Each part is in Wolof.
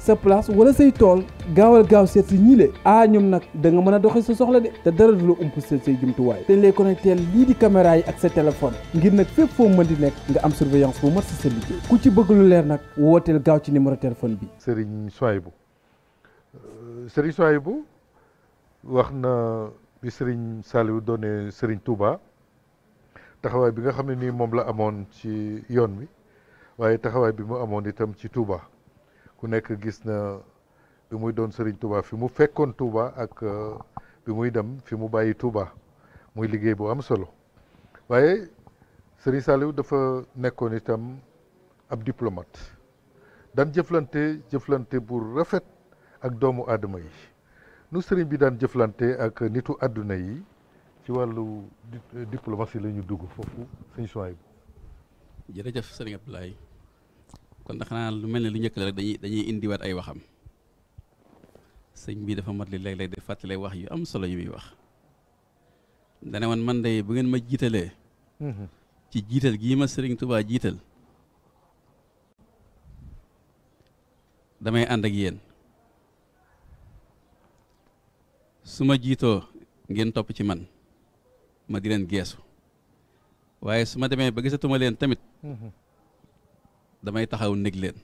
sa place wala say tool gaawal gaaw seet si ñi le ah ñoom nag da nga mën a doxee si soxla de te dara du la ump seet say jumtuwaay te ñu lay connecté lii di caméra yi ak sa téléphone ngir nag fépp foo mën di nekk nga am surveillance bu mat si sa liggéey ku ci bëgg lu leer nag wooteel gaaw ci numéro téléphone bi. bu Souaibou Serigne Souaibou euh, wax na bi Serigne Saliou doone Serigne Touba taxawaay bi nga xam ne nii moom la amoon ci yoon wi waaye taxawaay bi mu amoon itam ci Touba. ku nekk gis na bi muy doon Serigne Touba fi mu fekkoon Touba ak euh, bi muy dem fi mu bàyyi Touba muy liggéey bu am solo waaye Serigne Saliou dafa nekkoon itam ab diplomate daan jëflante jëflante bu rafet ak doomu aadama yi nu Serigne bi daan jëflante ak nitu àdduna yi ci wàllu euh, diplomatie la ñu dugg foofu suñu soin bu jërëjëf Serigne kon da xanaa lu mel ne lu njëkk la rek dañuy dañuy indiwaat ay waxam sëñ bi dafa mat li léeg-léeg di fàttali wax yu am solo yu muy wax dane wan man day bu ngeen ma jiitalee mhm. ci jiital gii ma sëriñ Tuubaa jiital damay ànd ak yéen su ma jiitoo ngeen topp ci man ma di leen geesu waaye su ma demee ba gisatuma leen tamit mhm. damay taxaw nég leen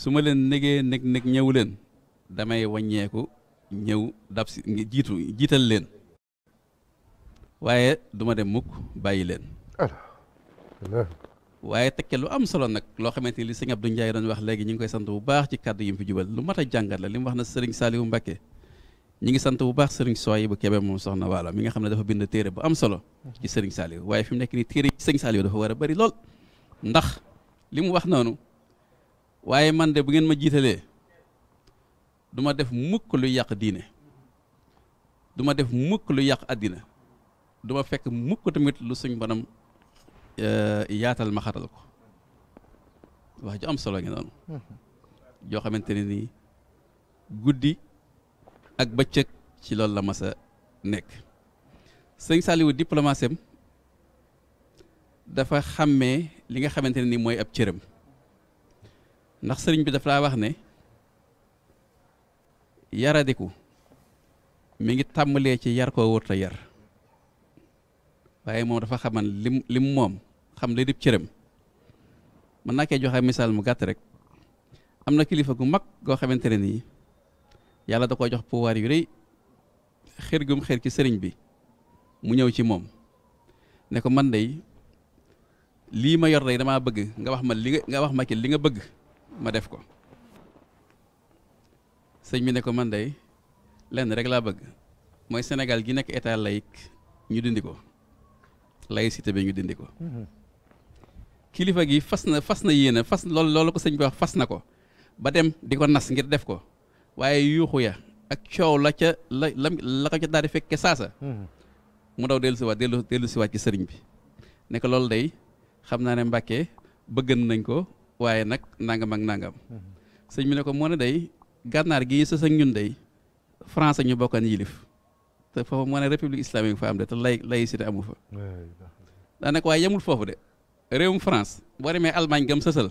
su ma leen négee nég nég ñëw leen damay wàññeeku ñëw dab si jiitu jiital leen waaye duma dem mukk bàyyi leen waaye tekke lu am solo nag loo xamante ni li sëñ Abdou Ndiaye doon wax léegi ñu ngi koy sant bu baax ci kàddu yi mu fi jubal lu mat a la li mu wax na sëriñ Saliou mbakke ñu ngi sant bu baax sëriñ Soye bu Kébé moom soxna waala mi nga xam ne dafa bind téere bu am solo ci sëriñ Saliou waaye fi mu nekk nii téere ci sëriñ Saliou dafa war a bari lool ndax li mu wax noonu waaye man de bu ngeen ma jiitalee du ma def mukk lu yàq diine du ma def mukk lu yàq àddina du ma fekk mukk tamit lu suñ banam eh, yaatal ma xatal ko wax ju am solo ngi noonu joo xamante ne nii guddi ak bëccëg ci loolu la mas a nekk sëñ Saliou diplomatie dafa xàmmee li nga xamante ne ni mooy ab cëram ndax sëriñ bi dafa laa wax ne yaradiku mi ngi tàmbalee ci yar koo wërta yar waaye moom dafa xaman lim lim moom xam la dib cëram mën naa koy joxe misaal mu gàtt rek am na kilifa gu mag goo xamante ne nii yàlla da koo jox pouvoir yu rëy xër gum xër ci sëriñ bi mu ñëw ci moom ne ko man dey lii ma yor day damaa bëgg nga wax ma li nga wax ma ci li nga bëgg ma def ko sëñ bi ne ko man dey lenn rek laa bëgg mooy senegal gi nekk état laïque ñu dindi ko laïcité bi ñu dindi ko mhm. kilifa gi fas na fas na yéene fas loolu loolu ko sëñ bi wax fas na ko ba dem di ko nas ngir def ko waaye yuuxu ya ak coow la ca la la la ko ca daal di fekke saasa mhm. mu daw dellu siwaat dellu dellu siwaat ci sëriñ bi ne ko loolu day xam naa ne Mbàkke bëggan nañ ko waaye nag nangam ak nangam sëñ bi ne ko moo ne day gànnaar gi ñu sës ak ñun day français ñu bokkan yilif te foofu moo ne république islamique fa am de te lay laïcité amu fa daanaka waaye yemul foofu de réewum France boo demee Allemagne gam sësal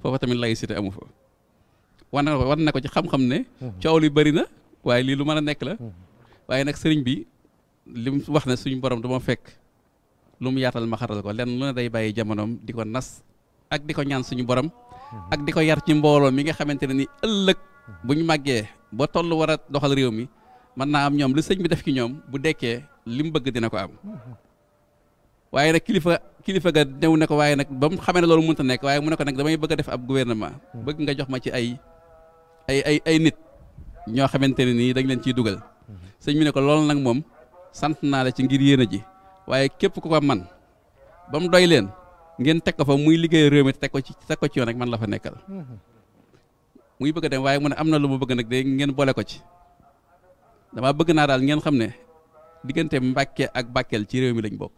foofa tamit laïcité amu fa wan na wan ko ci xam-xam ne coow li bëri na waaye lii lu mën a nekk la mhm. waaye nag sëriñ bi li mu wax ne suñu borom dama fekk lu mu yaatal ma xaral ko lenn lu ne day bàyyi jamonoom di ko nas ak di ko ñaan suñu borom mhm. ak di ko yar ci mbooloo mi nga xamante ne ni ëllëg mhm. bu ñu màggee ba toll war a doxal réew mi mën naa am ñoom lu sëñ bi def ci ñoom bu dekkee li mu bëgg dina ko am mhm. waaye nag kilifa kilifa ga new na ko waaye nag ba mu xamee ne loolu mënut a nekk waaye mu ne ko nag damay bëgg a def ab gouvernement bëgg nga jox ma ci ay ay ay ay nit ñoo xamante ne nii dañ leen ciy dugal sëñ bi ne ko loolu nag moom sant naa la ci ngir yéen ji waaye képp ku ko man ba mu doy leen ngeen teg ko fa muy liggéey réew mi teg ko ci teg ko ci yoon rek man la fa nekkal muy bëgg a dem waaye mu ne am na lu ma bëgg nag de ngeen boole ko ci dama bëgg naa daal ngeen xam ne diggante Mbàkke ak Bakel ci réew mi lañ bokk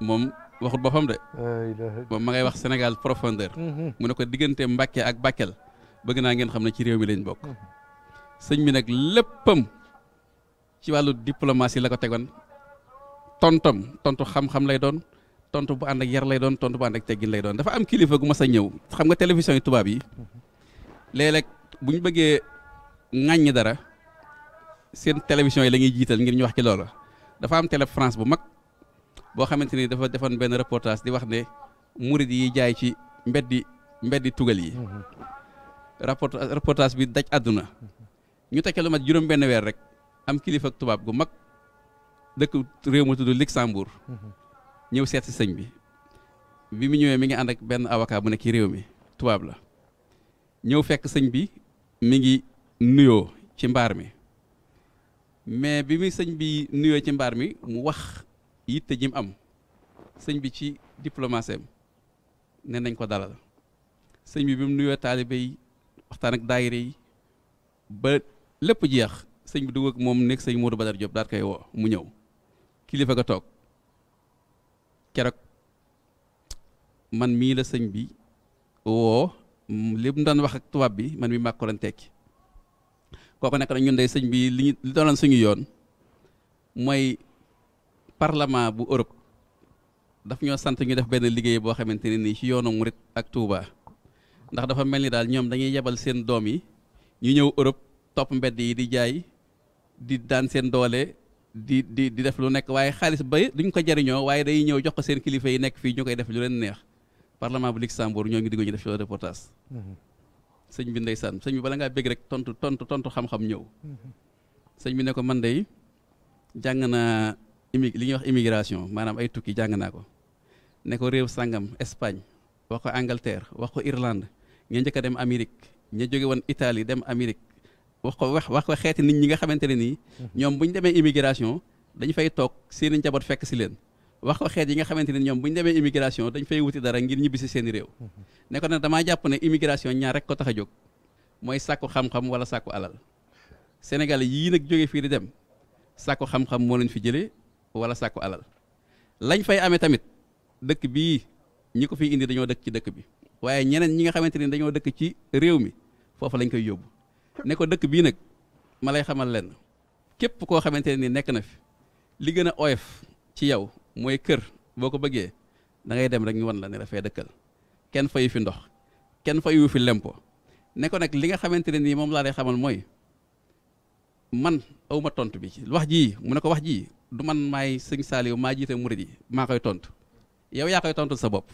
moom waxut boppam de moom ma ngay wax senegal profondeur mhm. mu ne ko diggante Mbàkke ak Bakel bëgg naa ngeen xam ne ci réew mi lañ bokk sëñ bi nag léppam ci wàllu diplomatie la ko tegoon tontom tontu xam-xam lay doon tontu bu ànd ak yar lay doon tontu bu ànd ak teggin lay doon dafa am kilifa gu ma a ñëw xam nga télévision yi tubaab yi léeg bu ñu bëggee ŋàññi dara seen télévision yi la ñuy jiital ngir ñu wax ci loola. dafa am télé bu mag boo xamante ni dafa defoon benn reportage di wax ne murid yi jaay ci mbedd mbeddi tugal yi. Mm-hmm. reportage bi daj àdduna ñu tekkee lu mat juróom weer rek. am kilifa tubaab gu mag dëkk réew mu tudd Luxembourg ñëw seet sëñ bi bi mu ñëwee mi ngi ànd ak benn avocat bu nekk ci réew mi tubaab la ñëw fekk sëñ bi mi ngi nuyoo ci mbaar mi mais bi muy sëñ bi nuyoo ci mbaar mi mu wax yitte ji am sëñ bi ci diplomatie ne nañ ko dalal sëñ bi bi mu nuyoo taalibe yi waxtaan ak daayira yi ba lépp jeex sëñ bi dugg ak moom nekk sëñ Modou Badar Diop daal koy woo mu ñëw kilifa ga toog keroog man mii la sëñ bi woo li mu daan wax ak tubaab bi man mi màkk ko doon tekki kooku nekk na ñun day sëñ bi li ñu li doonoon suñu yoon mooy parlement bu Europe daf ñoo sant ñu def benn liggéey boo xamante ne nii ci yoonu Murit ak Touba ndax dafa mel ni daal ñoom dañuy yebal seen doom yi ñu ñëw Europe topp mbedd yi di jaay. di daan seen doole di di di def lu nekk waaye xaalis ba duñ ko jariñoo waaye day ñëw jox ko seen kilifa yi nekk fii ñu koy def lu leen neex parlement bu Luxembourg ñoo ngi diggu ñu def seen reportage sëñ bi ndeysaan sëñ bi bala ngaa bégg rek tontu tontu tontu xam-xam ñëw sëñ bi ne ko man day jàng naa imi li ñuy wax immigration maanaam ay tukki jàng naa ko ne ko réew sàngam Espagne wax ko Angleterre wax ko Irlande ña njëkk dem Amérique ña jóge woon Italie dem Amérique wax ko wax wax ko xeeti nit ñi nga xamante ne nii mhm. ñoom bu ñu demee immigration dañu fay toog seeni njaboot fekk si leen wax ko xeet yi nga xamante ne ñoom bu ñu demee immigration dañ fay wuti dara ngir ñibbisi seeni réew mhm. ne ko nag damaa jàpp ne immigration ñaar rek ko tax a jóg mooy sàkku xam-xam wala sàkku alal Sénégal yii nag jóge fii di dem sàkku xam-xam moo leen fi jëlee wala sàkku alal lañ fay amee tamit dëkk bii ñi ko fiy indi dañoo dëkk ci dëkk bi waaye ñi nga xamante ne dañoo dëkk ci réew mi foofu lañ koy yóbbu ne ko dëkk bii nag ma lay xamal lenn képp koo xamante nii nekk na fi li gën a oyof ci yow mooy kër boo ko bëggee dangay dem rek ñu wan la ne dafay dëkkal kenn fayu fi ndox kenn fayu fi lempo ne ko nag li nga xamante ne nii moom laa lay xamal mooy man awma tontu bi lu wax jii mu ne ko wax jii du man maay sëñ Saliou maa jiite murid yi maa koy tontu yow yaa koy tontul sa bopp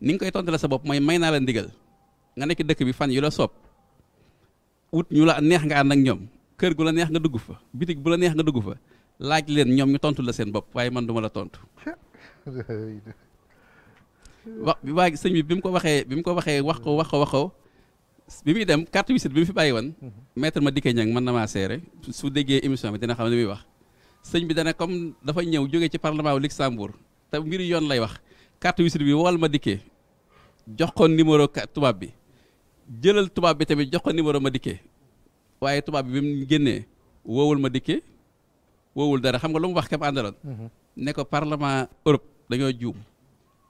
ni nga koy tontu la sa bopp mooy may naa la ndigal nga nekk dëkk bi fan yu la soob wut ñu la neex nga ànd ak ñoom kër gu la neex nga dugg fa bitig bu la neex nga dugg fa laaj leen ñoom mi tontu la seen bopp waaye man duma la tontu. wax bi waa sëñ bi bi mu ko waxee bi mu ko waxee wax ko wax ko wax ko bi muy dem carte visite bi mu fi bàyyi wan mhm. maître ma dikkee ñang mën na maa seere su déggee émission bi dina xam ne muy wax. sëñ bi dana comme dafa ñëw jóge ci parlement wu Luxembourg te mbiri yoon lay wax carte visite bi wool ma dikkee jox ko numéro tubaab bi. jëlal tubaab bi tamit jox ko numéro ma dikkee waaye tubaab bi bi mu génnee woowul ma dikkee woowul dara xam nga lu mu wax képp àndaloon. Mhm. ne ko parlement Europe dañoo juum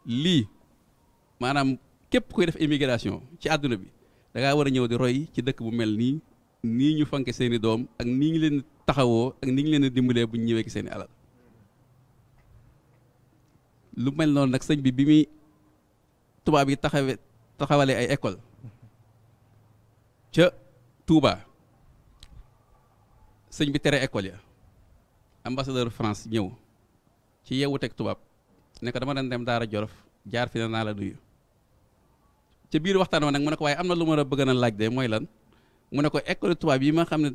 lii maanaam képp kuy def immigration ci àdduna bi da war a ñëw di roy ci dëkk bu mel nii nii ñu fonke seeni doom ak nii ñu leen taxawoo ak ni ñu leen dimbalee bu ñu ñëwee ci seeni alal lu mel noonu nag sëñ bi bi muy tubaab yi taxawe taxawalee ay école ca Touba sëñ bi tere école ya ambassadeur France ñëw ci yeewu teg tubaab ne ko dama doon dem Daara Jolof jaar fi na naa la nuyu ca biir waxtaan wa nag mu ne ko waaye am na lu ma la bëgg na laaj de mooy lan mu ne ko école tubaab yi ma xam ne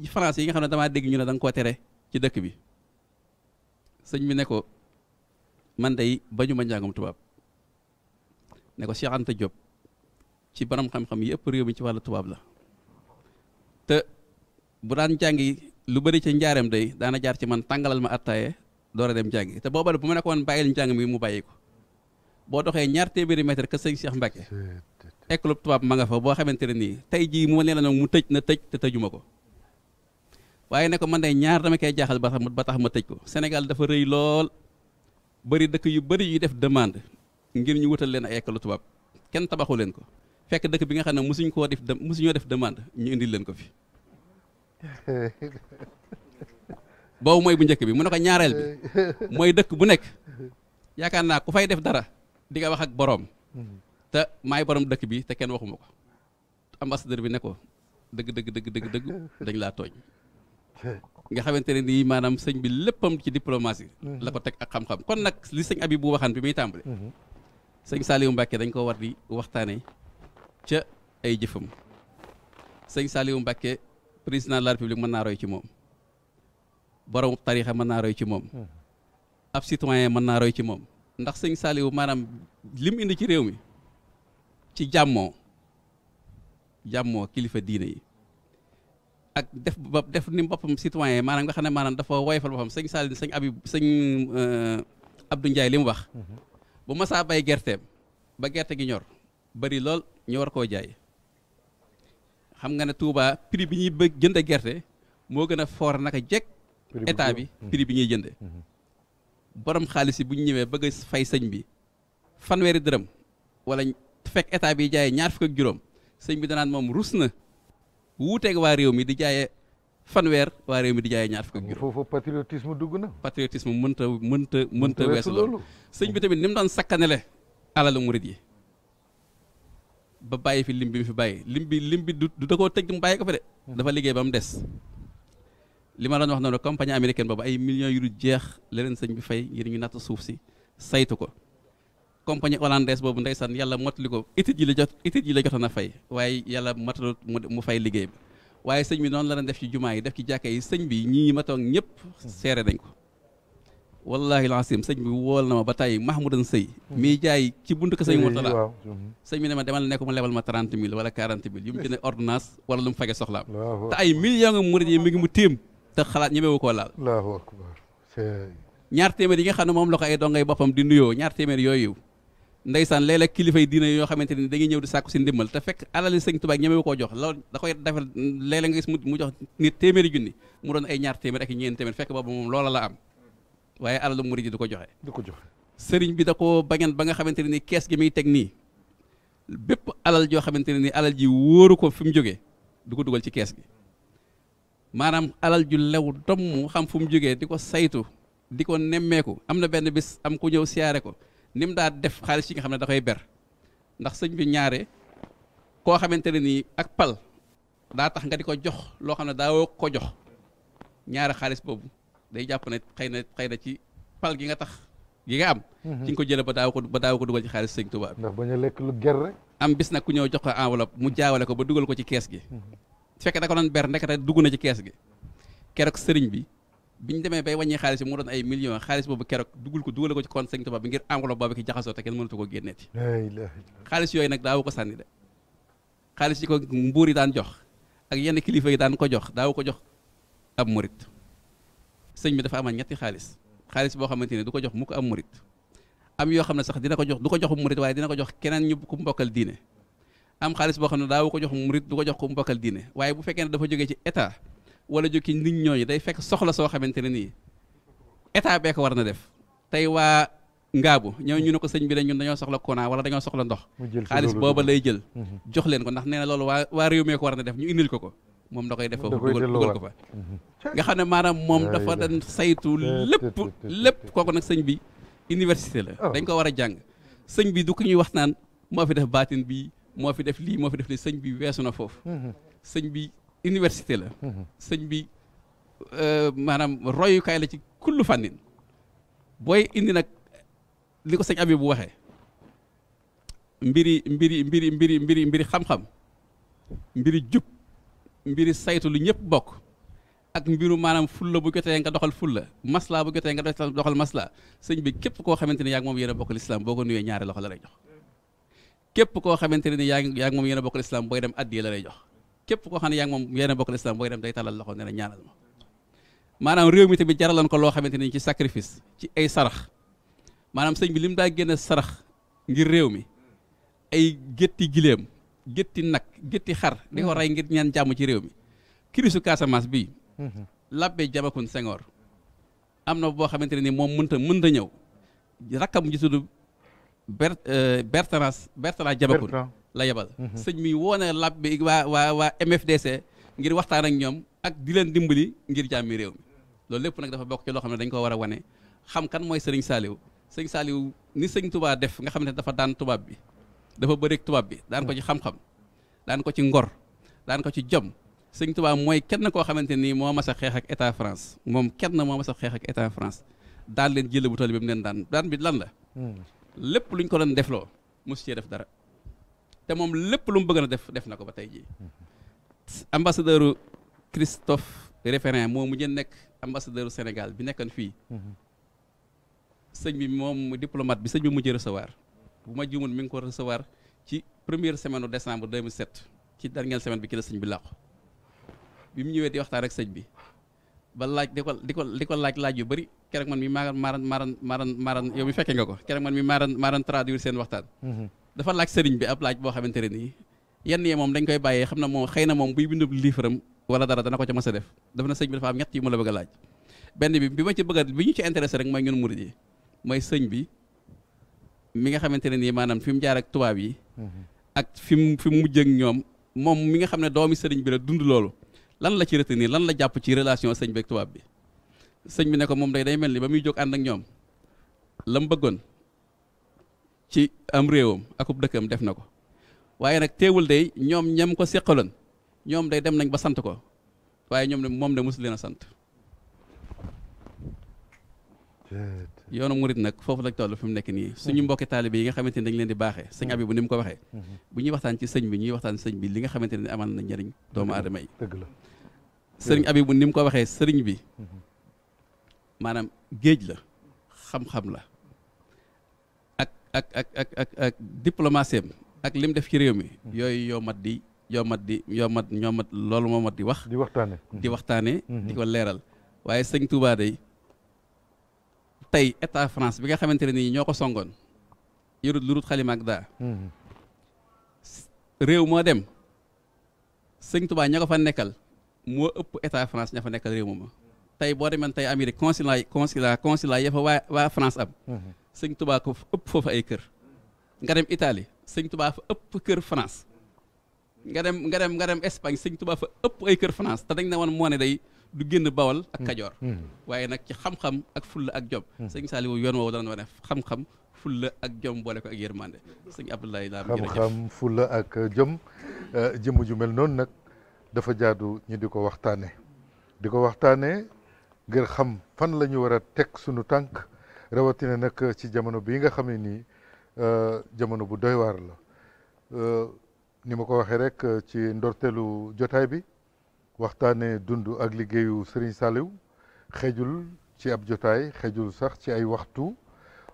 yi France yi nga xam ne damaa dégg ñu ne da koo tere ci dëkk bi sëñ bi ne ko man dey bañu ma njàngum tubaab ne ko Cheikh Anta ci borom xam yëpp réew ci wàllu tubaab la te bu daan jàngi lu bëri ca njaareem day daana jaar ci man tàngalal ma attaaye door a dem jàngi te boobal bu ma nekkoon bàyyil njàng mi mu bàyyi ko boo doxee ñaar téeméeri mètre que sëñ Cheikh Mbacke école tubaab ma fa boo xamante ne nii tey jii mu nee la mu tëj na tëj te tëjuma ko waaye ne ko man de ñaar dama koy jaaxal ba tax ba tax ma tëj ko Sénégal dafa rëy lool bëri dëkk yu bëri yu def demande ngir ñu wutal leen ay école tubaab kenn tabaxu leen ko fekk dëkk bi nga xam ne mosuñ koo def mosuñoo def demande ñu indil leen ko fi boobu mooy bu njëkk bi mu ne ko ñaareel bi mooy dëkk bu nekk yaakaar naa ku fay def dara di nga wax ak boroom hmm. te maay boroom dëkk bi te kenn waxuma ko ambassadeur bi ne dëgg dëgg dëgg dëgg dëgg dañ laa tooñ nga xamante ne nii maanaam sëñ bi léppam ci diplomatie hmm. la ko teg ak xam-xam kon nag li sëñ Habib bu waxaan bi muy tàmbale hmm. sëñ Saliou Mbacke dañ ko war di waxtaanee ca ay jëfam sëñ Saliou Mbacké président de la république mën naa roy ci moom borom tarixa mën naa roy ci moom hmm. ab citoyen mën naa roy ci moom ndax sëñ Saliou maanaam lim indi ci réew mi ci jàmmoo jàmmoo kilifa diine yi ak def ba def ni boppam citoyen yi maanaam nga xam ne maanaam dafa woyfal boppam sëñ Saliou sëñ Abib sëñ sañ euh, Ndiaye li lim wax hmm. bu masaa bay gerteem ba gerte gi ñor bari lool ñu war koo jaay xam nga ne tuubaa prix bi ñuy bëgg jënd gerte moo gën a foor naka jekk état bi prix bi ñuy jënd mm-hmm. borom xaalis yi bu ñu ñëwee bëgg a fay sëñ bi fanweeri dërëm wala fekk état bi jaaye ñaar fukk ak juróom sëñ bi danaan moom rus na wuuteeg waa réew mi di jaayee fanweer waa réew mi di jaayee ñaar fukk ak juróom foofu patriotisme dugg na patriotisme mënta mënta mënta weesu loolu sëñ bi tamit ni mu doon sakkanele alalu yi ba bàyyi fi lim bi mu fi bàyyi lim bi lim bi du da koo tëj mu bàyyi ko fi de. Hmm. dafa liggéey ba mu des. li ma doon wax noonu compagnie américaine boobu ay millions yu du jeex leneen sëñ bi fay ngir ñu natt suuf si saytu ko. compagnie hollandaise boobu ndeysaan yàlla motali ko étude yi la jot étude yi la jotoon a fay waaye yàlla motalut mu fay liggéey bi waaye sëñ bi noonu la def ci jumaa yi def ci jàkka yi sëñ bi ñii ma toog ñëpp hmm. seere nañ ko. wallahi lancim sëñ bi wool na ma ba tey Mahmoudan Sëy mm-hmm. mii jaay ci buntu ko sëñ Mourtala sëñ bi ma demal ne ko mu lebal ma trente mille wala quarante mille yu wala lu mu fage soxlaam te ay millions nga murid mu tiim te xalaat ñemewu koo laal allahu ñaar téeméer yi nga xam ne moom la ko ay dongay boppam di nuyoo ñaar téeméer yooyu ndeysaan léeg-léeg kilifay diina yoo xamante ni dañuy ñëw di sàkku si ndimbal te fekk alali sëñ Tuubaa ñemewu koo jox loolu da koy defal léeg-léeg nga gis mu jox nit téeméeri junni mu doon ay ñaar téeméer ak ñeent téeméer fekk boobu moom loola la am waaye alalu murid yi du ko joxe. du ko joxe sëriñ bi da koo bañan ba nga xamante ne ni kees gi muy teg nii bépp alal joo xamante ne ni alal ji wóoru ko fi mu jógee du ko dugal ci kees gi maanaam alal ju lew domm xam fu mu jógee di ko saytu di ko nemmeeku am na benn bis am ku ñëw siyaare ko ni mu daa def xaalis yi nga xam ne da koy ber ndax sëñ bi ñaare koo xamante ne nii ak pal daa tax nga di ko jox loo xam ne daa ko jox ñaare xaalis boobu. day jàpp ne xëy na xëy na ci pal gi nga tax gi nga am ci mhm. nga ko jële ba daaw ko ba daaw ko dugal ci xaalis sëñ Tuubaa ndax bañ a lekk am bis nag ku ñëw jox ko enveloppe mu jaawale ko ba dugal ko ci kees gi mhm. fekkee da ko doon ber ndekete dugg na ci kees gi keroog sëriñ bi biñ demee bay wàññee xaalis bi mu doon ay millions xaalis boobu keroog dugal ko dugale ko ci compte sëñ Tuubaa bi ngir enveloppe boobu ki jaxasoo te kenn mënatu ko génneeti xaalis yooyu nag daaw ko sànni de xaalis yi ko mbuur yi daan jox ak yenn kilifa yi daan ko jox daaw ko jox ab murit sëñ bi dafa amal ñetti xaalis xaalis boo xamante ne du ko jox mu ko am murit am yoo xam ne sax dina ko jox du ko jox murit waaye dina ko jox keneen ñu ku mbokkal diine boo xam ne ko jox murit du ko jox ku mbokkal diine waaye bu fekkee ne dafa jógee ci état wala jóki nit ñooñu day fekk soxla soo xamante ne nii état bee ko war na def tey waa ngaabu ñoo ñu ne ko sëñ bi dañ ñun dañoo soxla courant wala dañoo soxla ndox xaalis booba lay jël mhm. jox leen ko ndax nee na loolu waa waa réew mee ko war na def ñu indil ko ko moom da koy def foofu dugal dugal ko fa mhm. nga xam ne maanaam moom dafa dañ saytu lépp lépp kooku nag sëñ bi université la oh. dañ ko war a jàng sëñ bi du ko ñuy wax naan moo fi def baatin bi moo fi def lii moo fi def lii sëñ bi weesu na foofu mhm. sëñ bi université la mhm. sëñ bi euh, maanaam royukaay la ci kullu fànnin booy indi nag li ko sëñ abi bu waxee mbiri mbiri mbiri mbiri mbiri mbiri xam-xam mbiri jub mbiri saytu lu ñëpp bokk ak mbiru maanaam fulla bu jotee nga doxal fulla masla bu jotee nga doxal masla sëñ bi képp koo xamante ni yaa ngi moom yéen bokk lislaam boo ko nuyee ñaari loxo la lay jox képp koo xamante ne ni yaa ngi yaa ngi moom yéen a bokk lislaam booy dem addiye la lay jox képp koo xam ne yaa ngi moom yéen bokk lislaam booy dem day talal loxo ne la ñaanal ma maanaam réew mi tamit jaraloon ko loo xamante ni ci sacrifice ci ay sarax maanaam sëñ bi li mu daa génne sarax ngir réew mi ay gétti gileem gétti nag gétti xar di ko mm-hmm. rey ngir ñaan jàmm ci réew mi kirisu Casamance bii mm-hmm. labbe jamakun Senghor am na boo xamante ni moom mënta mënta ñëw rakkam ji tudd ber euh, Bertrand Bertrand jamakun la yebal mm-hmm. sëñ mi woo na labbe waa waa waa MFDC ngir waxtaan ak ñoom ak di leen dimbali ngir jàmmi réew mi loolu lépp nag dafa bokk ci loo xam ne dañ ko war a wane xam kan mooy sëriñ Saaliw sëñ Saaliw ni sëñ Tuubaa def nga xam ne dafa daan tubaab bi dafa bëreek tubaab bi daan ko ci xam-xam daan ko ci ngor daan ko ci jom sëñ tubaab mooy kenn koo xamante nii moo mas a xeex ak état France moom kenn moo mas a xeex ak état France daan leen jël bu toll bi mu leen daan daan bi lan la hmm. lépp luñ ko doon defloo mos cee def dara te moom lépp lu bëgg na def def na ko ba tey jii ambassadeuru Christophe Référin moo mu mujjee nekk ambassadeuru Sénégal bi nekkoon fii hmm. sëñ bi moom diplomate bi sëñ bi mujjee recevoir bu ma juumul mi ngi ko recevoir ci première semaine u décembre 2007 ci dernière semaine bi ci sëñ bi làqu bi mu ñëwee di waxtaan rek sëñ bi ba laaj di ko di ko laaj laaj yu bëri keroog man mi maaran maaran maaran maaran maaran yow mi fekkee nga ko keroog man mi maaran maaran traduire seen waxtaan mm-hmm. dafa laaj sëriñ bi ab laaj boo xamante ne nii yenn yi moom dañ koy bàyyee xam na moom xëy na moom buy bindub livre am wala dara dana ko ca mës a def dafa na sëñ a a mi nga xamante ne nii maanaam fi mu jaar ak tubaab yi. Mhm. ak fi mu fi mu mujj ñoom moom mi nga xam ne doomi sëriñ bi la dund loolu lan la ci retenir lan la jàpp ci relation sëñ bi ak tubaab bi sëñ bi ne ko moom day day mel ni ba muy jóg ànd ak ñoom la bëggoon ci am réewam akub dëkkam def na ko waaye nag teewul day ñoom ñam ko seqaloon ñoom day dem nañ ba sant ko waaye ñoom ne moom de mosu leen sant. yoonu murit nag foofu lañ toll fi mu nekk nii hmm. suñu mbokki taalibe yi nga xamante ni dañ leen di baaxee sëñ hmm. abi bu ni mu ko waxee hmm. bu ñuy waxtaan ci sëñ bi ñuy waxtaan sëñ bi li nga xamante ne amal na njëriñ doomu aadama yi sëñ la yi abi bu ni mu ko waxee sëriñ bi maanaam géej la xam-xam la ak ak ak ak ak ak ak lim def ci réew mi yooyu yoo mat di yoo mat di yoo mat ñoo mat loolu moo mat di wax di waxtaane di waxtaane di ko leeral waaye sëñ Touba day tey état France bi nga xamante ne nii ñoo ko songoon yërut lu rut xalima ak daa mhm. réew moo dem sëñ Tuubaa ña ko fa nekkal moo ëpp état France ña fa nekkal réew mooma tey boo demee tey Amérique consulat consulat consulat ya fa waa waa France am mhm. sëñ Tuubaa ko ëpp foofu ay kër nga dem Italie sëñ Tuubaa fa ëpp kër France nga dem nga dem nga sëñ Tuubaa fa ëpp ay kër France te dañ ne woon moo ne day du génn bawal ak mm. kajoor mm. waaye nag ci xam-xam ak fulla ak jom mm. sëñ Saliou yoon woowu daan wane xam-xam ak jom boole ko ak yërmande sëñ Abdoulaye Lam xam-xam fulla ak euh, jom euh, jëmm ju mel noonu nag dafa jaadu ñu di ko waxtaane di ko waxtaane ngir xam fan la ñu war a teg suñu tànk rawatina nag ci jamono bii nga xam ne nii euh, jamono bu doy waar la ni ma ko waxee rek ci ndorteelu jotaay bi waxtaanee dund ak liggéeyu Serigne Saliou xejul ci ab jotaay xejul sax ci ay waxtu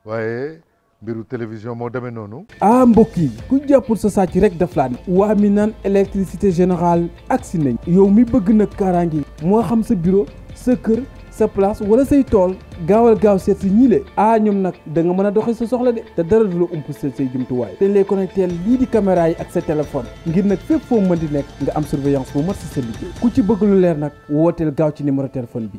waaye mbiru télévision moo demee noonu. ah mbokk yi ku jàppul sa sàcc rek daf laa ne. waa mi naan électricité générale agsi nañ. yow mi bëgg nag kaaraange moo xam sa bureau sa kër. sa place wala say tool gaawal gaaw seet si ñiile ah nag da nga mën a doxee sa soxla de te dara du la ump seet say jumtuwaay te ñu lay connecté lii di caméra yi ak sa téléphone ngir nag fépp foo mën di nekk nga am surveillance bu mat si sa liggéey ku ci bëgg lu leer nag wooteel gaaw ci numéro téléphone bi.